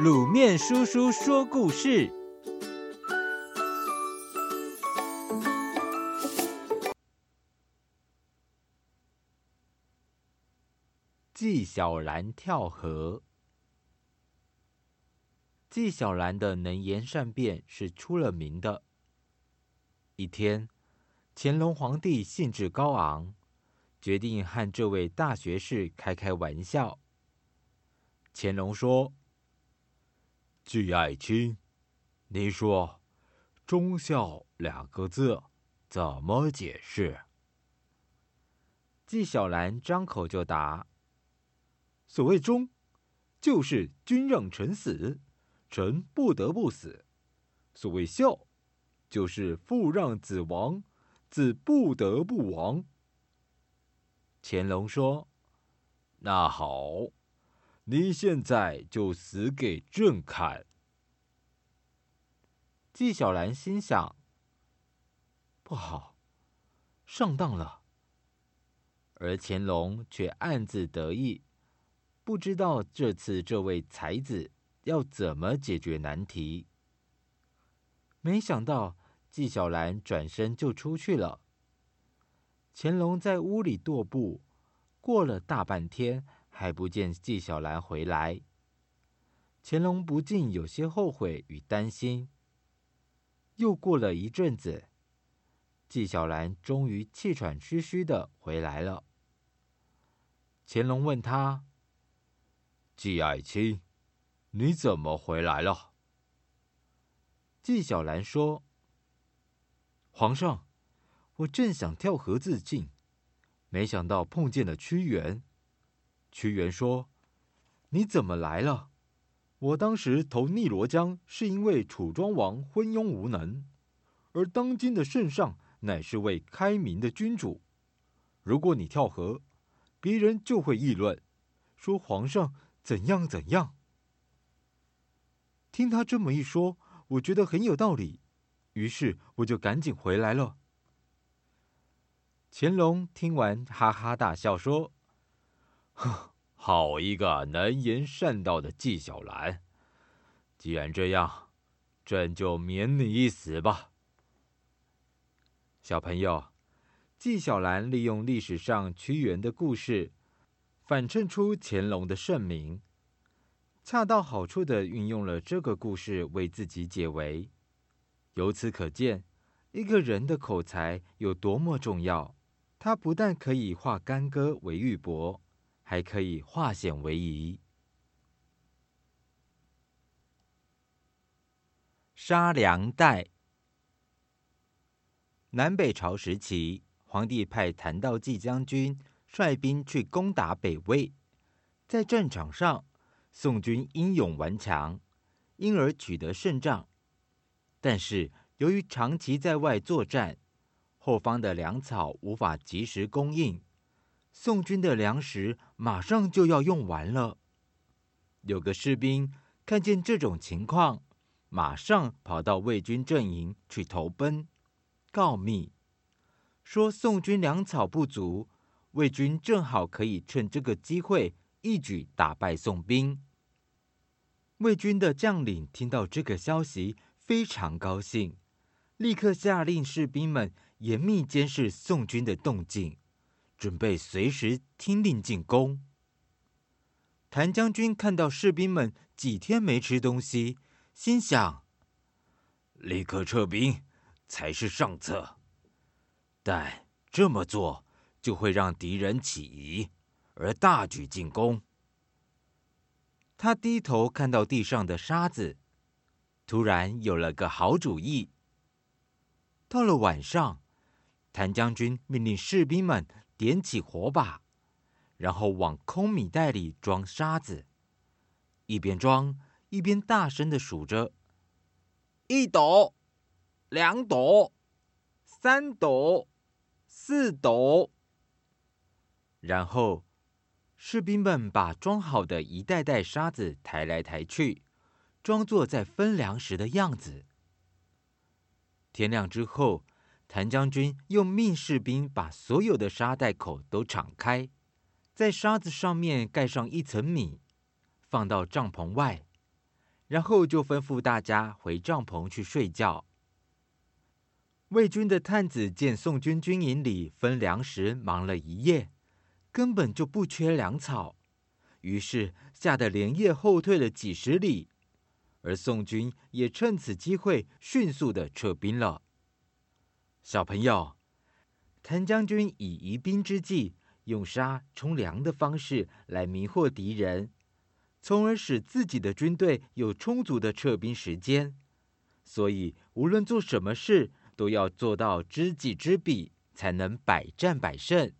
滷麵叔叔說故事：紀曉嵐跳河。紀曉嵐的能言善辯是出了名的。一天，乾隆皇帝興致高昂，決定和這位大學士開開玩笑。乾隆說，紀愛卿，你說“忠孝”兩個字怎麼解釋？紀曉嵐張口就答：“所謂忠，就是君讓臣死，臣不得不死；所謂孝，就是父讓子亡，子不得不亡。”乾隆說：“那好。”你現在就死給朕看！紀曉嵐心想：不好，上當了。而乾隆却暗自得意，不知道這次這位才子要怎麼解決難題。沒想到紀曉嵐轉身就出去了。乾隆在屋裡踱步，過了大半天。還不見紀曉嵐回來，乾隆不禁有些後悔與擔心。又過了一陣子，紀曉嵐終於氣喘吁吁的回來了。乾隆問他：“紀愛卿，你怎麼回來了？”紀曉嵐說：“皇上，我正想跳河自盡，沒想到碰見了屈原。”屈原說：“你怎麼來了？我當時投汨羅江，是因為楚莊王昏庸無能，而當今的聖上乃是位開明的君主。如果你跳河，別人就會議論，說皇上怎樣怎樣。”聽他這麼一說，我覺得很有道理，於是我就趕緊回來了。乾隆聽完，哈哈大笑說。好一個能言善道的紀曉嵐！既然這樣，朕就免你一死吧。小朋友，紀曉嵐利用歷史上屈原的故事，反襯出乾隆的聖明，恰到好處地運用了這個故事為自己解圍。由此可見，一個人的口才有多麼重要。他不但可以化干戈為玉帛。還可以化險為夷。沙糧袋，南北朝時期，皇帝派檀道濟將軍率兵去攻打北魏。在戰場上，宋軍英勇頑強，因而取得勝仗。但是，由於長期在外作戰，後方的糧草無法及時供應。宋軍的糧食馬上就要用完了，有個士兵看見這種情況，馬上跑到魏軍陣營去投奔，告密，說宋軍糧草不足，魏軍正好可以趁這個機會一舉打敗宋兵。魏軍的將領聽到這個消息，非常高興，立刻下令士兵們嚴密監視宋軍的動靜。準備隨時聽令進攻。譚將軍看到士兵們幾天沒吃東西，心想：立刻撤兵才是上策，但這麼做就會讓敵人起疑，而大舉進攻。他低頭看到地上的沙子，突然有了個好主意。到了晚上，譚將軍命令士兵們。點起火把，然後往空米袋裡裝沙子，一邊裝一邊大聲的數着：一斗、兩斗、三斗、四斗。然後，士兵們把裝好的一袋袋沙子抬來抬去，裝作在分糧時的樣子。天亮之後。譚將軍又命士兵把所有的沙袋口都敞開，在沙子上面蓋上一層米，放到帳篷外，然後就吩咐大家回帳篷去睡覺。魏軍的探子見宋軍軍營裡分糧食忙了一夜，根本就不缺糧草，於是嚇得連夜後退了幾十里，而宋軍也趁此機會迅速的撤兵了。小朋友，譚將軍以疑兵之計，用沙充糧的方式來迷惑敵人，從而使自己的軍隊有充足的撤兵時間。所以，無論做什麼事，都要做到知己知彼，才能百戰百勝。